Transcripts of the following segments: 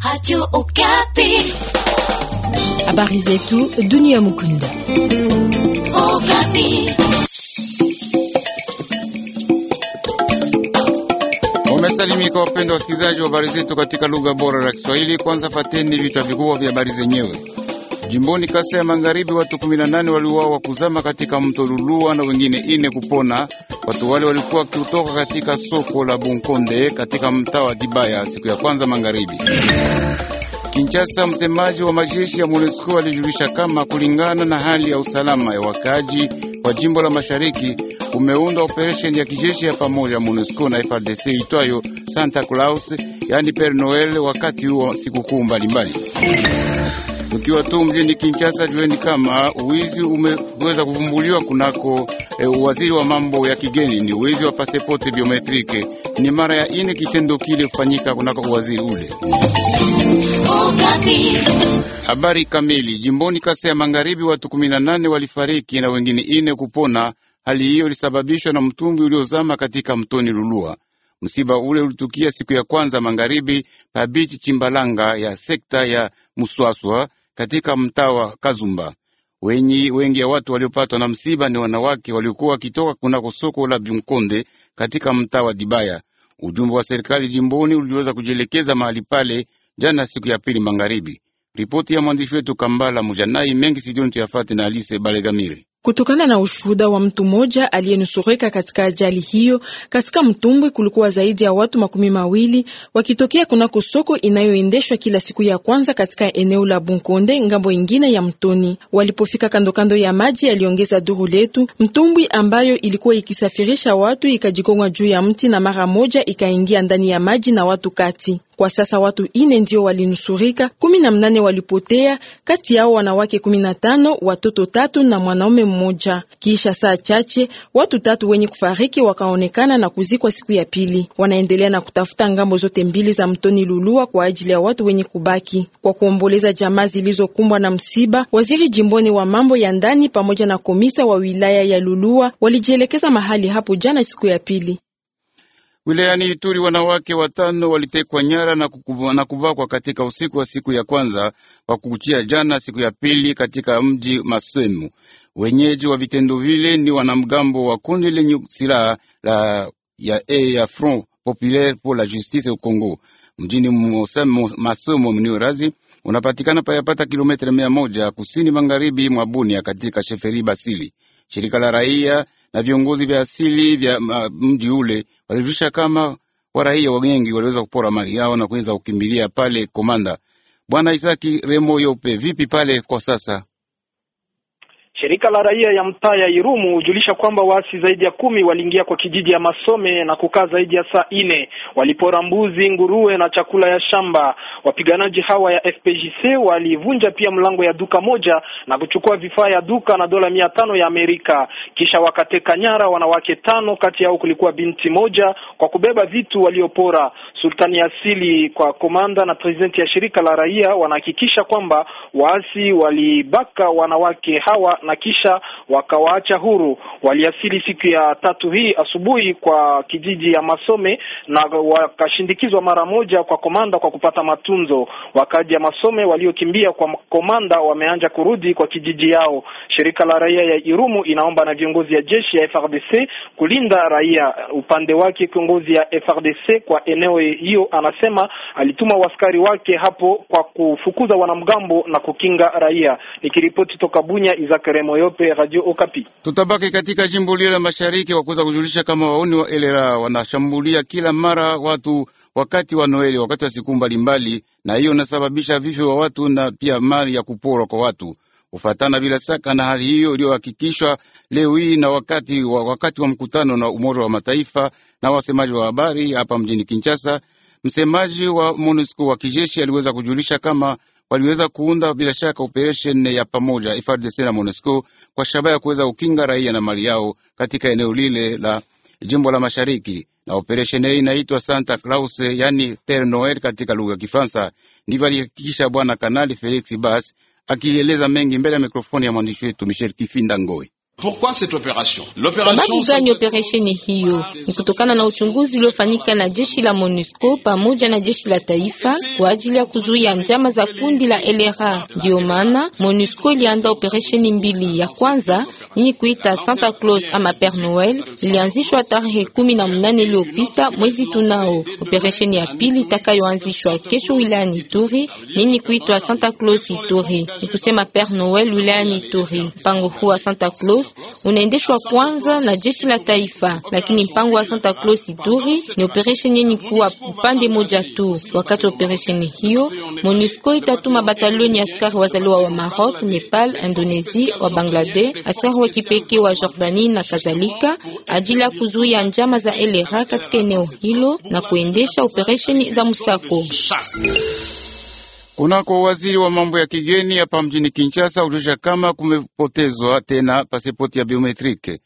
Radio Okapi. Habari zetu dunia mukunda. Okapi. Umesalimika wapenda wasikilizaji wa habari zetu katika lugha bora la Kiswahili. Kwanza fateni vichwa vikubwa vya habari zenyewe. Jimboni kasa ya Magharibi, watu 18 waliuawa kuzama katika mto Lulua na wengine ine kupona. Watu wale walikuwa wakiutoka katika soko la Bunkonde katika mtaa wa Dibaya siku ya kwanza magharibi. Kinshasa, msemaji wa majeshi ya MONUSCO alijulisha kama kulingana na hali ya usalama ya wakaaji wa jimbo la mashariki umeunda operesheni ya kijeshi ya pamoja MONUSCO na frdc itwayo Santa Claus, yani Père Noel, wakati huo sikukuu mbalimbali. Mkiwa tu mjini Kinshasa, jueni kama uwizi umeweza kuvumbuliwa kunako e, waziri wa mambo ya kigeni. Ni uwizi wa pasipoti biometrike. Ni mara ya ine kitendo kile kufanyika kunako uwaziri ule. Habari kamili. Jimboni Kasai ya Magharibi, watu 18 walifariki na wengine ine kupona. Hali hiyo ilisababishwa na mtumbwi uliozama katika mtoni Lulua. Msiba ule ulitukia siku ya kwanza magharibi pabichi Chimbalanga ya sekta ya Muswaswa katika mtaa wa Kazumba. Wenyi wengi ya watu waliopatwa na msiba ni wanawake waliokuwa wakitoka kunako soko la Bimkonde katika mtaa wa Dibaya. Ujumbe wa serikali jimboni uliweza kujielekeza mahali pale jana, siku ya pili magharibi. Ripoti ya mwandishi wetu Kambala Mujanai mengi sijoni tuyafate na Alise Balegamire. Kutokana na ushuhuda wa mtu mmoja aliyenusurika katika ajali hiyo, katika mtumbwi kulikuwa zaidi ya watu makumi mawili wakitokea kunako soko inayoendeshwa kila siku ya kwanza katika eneo la Bunkonde, ngambo ingine ya mtoni. Walipofika kandokando kando ya maji yaliongeza duru letu, mtumbwi ambayo ilikuwa ikisafirisha watu ikajikonga juu ya mti na mara moja ikaingia ndani ya maji na watu kati kwa sasa watu ine ndio walinusurika, kumi na mnane walipotea, kati yao wanawake kumi na tano, watoto tatu na mwanaume mmoja. Kisha saa chache watu tatu wenye kufariki wakaonekana na kuzikwa siku ya pili. Wanaendelea na kutafuta ngambo zote mbili za mtoni Lulua kwa ajili ya watu wenye kubaki. Kwa kuomboleza jamaa zilizokumbwa na msiba, waziri jimboni wa mambo ya ndani pamoja na komisa wa wilaya ya Lulua walijielekeza mahali hapo jana siku ya pili. Wilayani Ituri wanawake watano walitekwa nyara na kubakwa katika usiku wa siku ya kwanza wa kukuchia jana siku ya pili katika mji Masemu. Wenyeji wa vitendo vile ni wanamgambo wa kundi lenye silaha la ya e ya Front Populaire pour la Justice au Congo mjini Masemo mniorazi unapatikana payapata kilometre mia moja kusini magharibi mwa Bunia katika sheferi Basili. Shirika la raia na viongozi vya asili vya mji ule walijulisha kama waraia wengi waliweza kupora mali yao na kuweza kukimbilia pale Komanda. Bwana Isaki Remoyope, vipi pale kwa sasa? Shirika la raia ya mtaa ya Irumu hujulisha kwamba waasi zaidi ya kumi waliingia kwa kijiji ya Masome na kukaa zaidi ya saa nne, walipora mbuzi, nguruwe na chakula ya shamba. Wapiganaji hawa ya fpgc walivunja pia mlango ya duka moja na kuchukua vifaa ya duka na dola mia tano ya Amerika, kisha wakateka nyara wanawake tano, kati yao kulikuwa binti moja, kwa kubeba vitu waliopora. Sultani Asili kwa komanda na presidenti ya shirika la raia wanahakikisha kwamba waasi walibaka wanawake hawa na kisha wakawaacha huru. Waliasili siku ya tatu hii asubuhi kwa kijiji ya Masome na wakashindikizwa mara moja kwa komanda kwa kupata matunzo. Wakaji ya Masome waliokimbia kwa komanda wameanja kurudi kwa kijiji yao. Shirika la raia ya Irumu inaomba na viongozi ya jeshi ya FRDC kulinda raia. Upande wake kiongozi ya FRDC kwa eneo hiyo anasema alituma waskari wake hapo kwa kufukuza wanamgambo na kukinga raia. Nikiripoti toka Bunya, Izakare Moyope, Radio Radio Okapi. Tutabaki katika jimbo lile la mashariki kwa kuweza kujulisha kama wauni wa elera wanashambulia kila mara watu wakati wa Noeli, wakati wa siku mbalimbali, na hiyo inasababisha vifo vya watu na pia mali ya kuporwa kwa watu kufatana bila shaka na hali hiyo iliyohakikishwa leo hii na wakati wa, wakati wa mkutano na Umoja wa Mataifa na wasemaji wa habari hapa mjini Kinshasa. Msemaji wa MONUSCO wa kijeshi aliweza kujulisha kama waliweza kuunda bila shaka operesheni ya pamoja FARDC na MONUSCO kwa shabaha ya kuweza kukinga raia na mali yao katika eneo lile la jimbo la mashariki na operesheni hii inaitwa Santa Claus, yani ter Noel katika lugha ya Kifaransa. Ndivyo alihakikisha Bwana Kanali Felix Bas akieleza mengi mbele ya mikrofoni ya mwandishi wetu Michel Kifinda Ngoi. Pourquoi cette Sababu gani operesheni hiyo? Ni kutokana na uchunguzi uliofanyika na jeshi la MONUSCO pamoja na jeshi la taifa kwa ajili ya kuzuia njama za kundi la LRA. Ndiyo maana MONUSCO ilianza operesheni mbili. Ya kwanza yenye kuita Santa Claus ama Père Noël ilianzishwa tarehe kumi na mnane iliyopita mwezi tunao. Operesheni ya pili itakayoanzishwa kesho wilayani Ituri yenye kuitwa Santa Claus Ituri, ni kusema Père Noël wilayani Ituri. Mpango huu wa Santa Claus unaendeshwa kwanza na jeshi la taifa, lakini mpango wa Santa Claus Ituri ni operesheni yenye kuwa upande moja tu. Wakati operesheni hiyo, MONUSCO itatuma batalioni ya askari wazaliwa wa Maroc, Nepal, Indonesia, wa Bangladesh, askari wa kipekee wa Jordani na kadhalika, ajili ya kuzuia njama za LRA katika eneo hilo na kuendesha operesheni za msako unako waziri wa mambo ya kigeni hapa mjini Kinshasa ujulisha kama kumepotezwa tena pasipoti ya biometrike.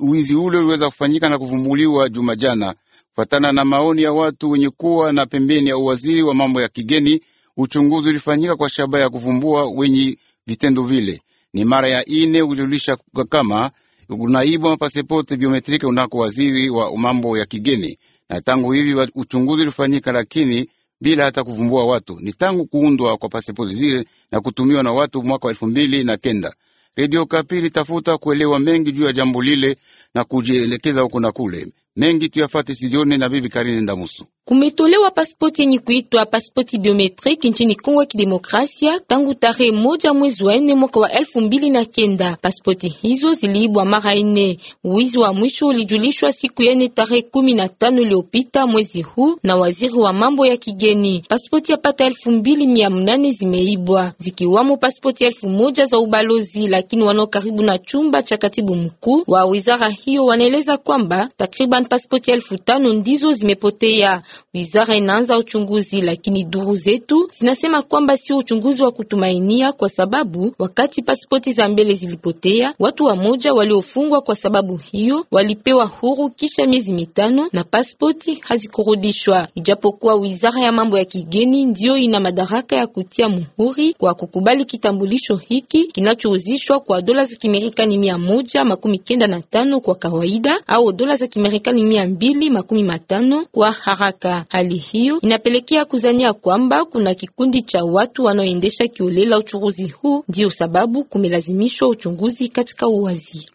Uwizi ule uliweza kufanyika na kuvumbuliwa juma jana, kufatana na maoni ya watu wenye kuwa na pembeni ya uwaziri wa mambo ya kigeni. Uchunguzi ulifanyika kwa shabaha ya kuvumbua wenye vitendo vile. Ni mara ya ine ujulisha kama unaiba pasipoti biometrike unako waziri wa mambo ya kigeni, na tangu hivi uchunguzi ulifanyika lakini bila hata kuvumbua watu. Ni tangu kuundwa kwa pasipoti zile na kutumiwa na watu mwaka wa elfu mbili na kenda. Redio Kapi litafuta kuelewa mengi juu ya jambo lile na kujielekeza huko na kule. Mengi tuyafate sidioni na bibi Karine Ndamusu. Kumetolewa pasipoti yenye kuitwa pasipoti biometrik nchini Kongo ya Kidemokrasia tangu tarehe moja mwezi wa nne mwaka wa elfu mbili na kenda. Pasipoti hizo ziliibwa mara nne. Wizi wa mwisho ulijulishwa siku ya nne tarehe kumi na tano iliyopita mwezi huu na waziri wa mambo ya kigeni. Pasipoti ya pata elfu mbili mia mnane zimeibwa zikiwamo pasipoti elfu moja za ubalozi, lakini wanao karibu na chumba cha katibu mkuu wa wizara hiyo wanaeleza kwamba takriban pasipoti elfu tano ndizo zimepotea. Wizara inaanza uchunguzi, lakini duru zetu zinasema kwamba sio uchunguzi wa kutumainia, kwa sababu wakati pasipoti za mbele zilipotea, watu wa moja waliofungwa kwa sababu hiyo walipewa huru kisha miezi mitano na pasipoti hazikurudishwa, ijapokuwa wizara ya mambo ya kigeni ndiyo ina madaraka ya kutia muhuri kwa kukubali kitambulisho hiki kinachouzishwa kwa dola za kimerikani mia moja makumi kenda na tano kwa kawaida au dola za Kimarekani mia mbili makumi matano kwa haraka haraka. Hali hiyo inapelekea kuzania kwamba kuna kikundi cha watu wanaoendesha kiolela uchuruzi huu, ndiyo sababu kumelazimishwa uchunguzi katika uwazi.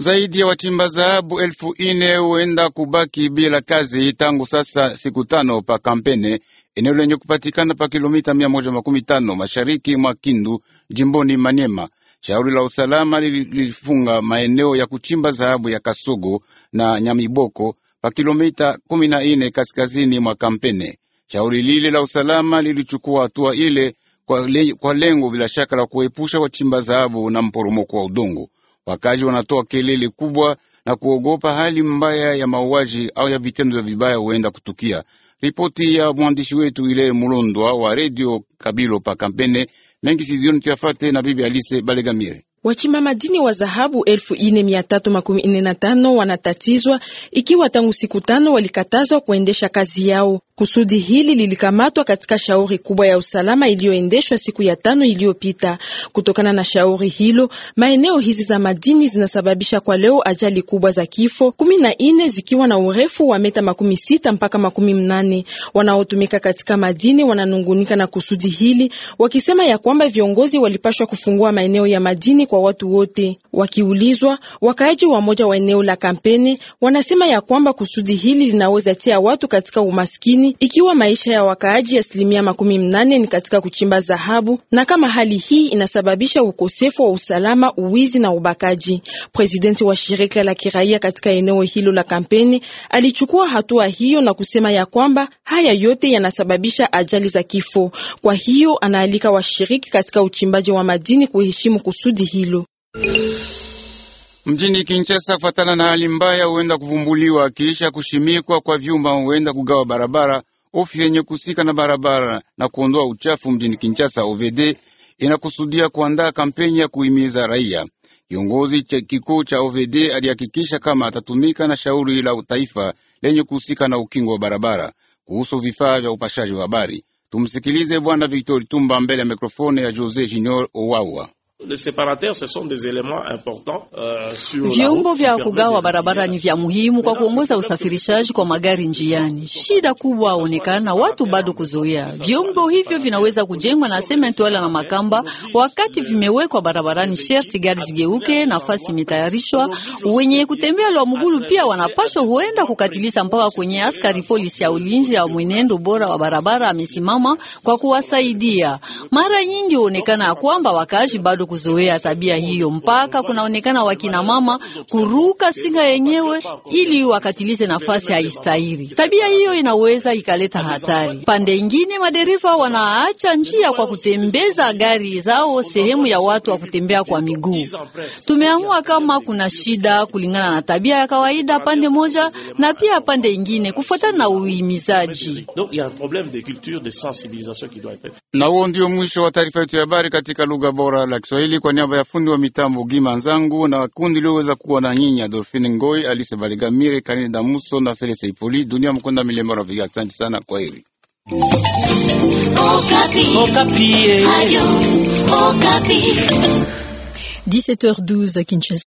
Zaidi ya wachimba zahabu elfu ine huenda kubaki bila kazi tangu sasa siku tano pa Kampene, eneo lenye kupatikana pa kilomita mia moja makumi tano mashariki mwa Kindu, jimboni manyema Shauri la usalama lilifunga maeneo ya kuchimba zahabu ya Kasugu na Nyamiboko pa kilomita kumi na ine kaskazini mwa Kampene. Shauri lile la usalama lilichukua hatua ile kwa, le, kwa lengo bila shaka la kuepusha wachimba dhahabu na mporomoko wa udongo. Wakazi wanatoa kelele kubwa na kuogopa hali mbaya ya mauaji au ya vitendo vya vibaya huenda kutukia. Ripoti ya mwandishi wetu Ile Mulondwa wa redio Kabilo pa Kampene mengi sidioni tuyafate na bibi Alise Balegamire. Wachimba madini wa dhahabu elfu ine mia tatu makumi ine na tano wanatatizwa ikiwa tangu siku tano walikatazwa kuendesha kazi yao. Kusudi hili lilikamatwa katika shauri kubwa ya usalama iliyoendeshwa siku ya tano iliyopita. Kutokana na shauri hilo, maeneo hizi za madini zinasababisha kwa leo ajali kubwa za kifo kumi na ine zikiwa na urefu wa meta makumi sita mpaka makumi mnane. Wanaotumika katika madini wananungunika na kusudi hili wakisema ya kwamba viongozi walipashwa kufungua maeneo ya madini kwa kwa watu wote. Wakiulizwa, wakaaji wa moja wa eneo la kampeni wanasema ya kwamba kusudi hili linaweza tia watu katika umaskini, ikiwa maisha ya wakaaji asilimia makumi mnane ni katika kuchimba dhahabu, na kama hali hii inasababisha ukosefu wa usalama, uwizi na ubakaji. Presidenti wa shirika la kiraia katika eneo hilo la kampeni alichukua hatua hiyo na kusema ya kwamba haya yote yanasababisha ajali za kifo. Kwa hiyo anaalika washiriki katika uchimbaji wa madini kuheshimu kusudi hili hilo. Mjini Kinshasa, fatana na hali mbaya huenda kuvumbuliwa kisha kushimikwa kwa vyuma huenda kugawa barabara. Ofisi yenye kuhusika na barabara na kuondoa uchafu mjini Kinshasa, OVD, inakusudia kuandaa kampeni ya kuhimiza raia. Kiongozi kikuu cha OVD alihakikisha kama atatumika na shauri la taifa lenye kuhusika na ukingo wa barabara kuhusu vifaa vya upashaji wa habari. Tumsikilize Bwana Victor Tumba mbele ya mikrofoni ya Jose Junior Owawa. Les ce sont des importants, euh, sur vyombo vya kugawa barabara ni vya muhimu kwa kuongoza usafirishaji kwa magari njiani. Shida kubwa onekana watu bado kuzoea vyombo hivyo, vinaweza kujengwa na sementi wala na makamba. Wakati vimewekwa barabarani, sherti gari zigeuke, nafasi imetayarishwa. Wenye kutembea lwa mugulu pia wanapaswa huenda kukatilisa mpaka kwenye askari polisi ya ulinzi ya mwenendo bora wa barabara amesimama kwa kuwasaidia. Mara nyingi huonekana ya kwamba wakaaji bado kuzoea tabia hiyo, mpaka kunaonekana wakina mama kuruka singa yenyewe ili wakatilize nafasi haistahili. Tabia hiyo inaweza ikaleta hatari. Pande ingine, madereva wanaacha njia kwa kutembeza gari zao sehemu ya watu wa kutembea kwa miguu. Tumeamua kama kuna shida kulingana na tabia ya kawaida pande moja na pia pande ingine kufuatana na uhimizaji. Na huo ndio mwisho wa taarifa yetu ya habari katika lugha bora la Kiswahili kwa niaba ya fundi wa mitambo Gima Nzangu na kundi lioweza kuwa na nyinyi Adolfine Ngoi, Alise Baligamire, Kanini Damuso na Selese Ipoli. Dunia Mkonda Milemba Raviga, asante sana kwa heri.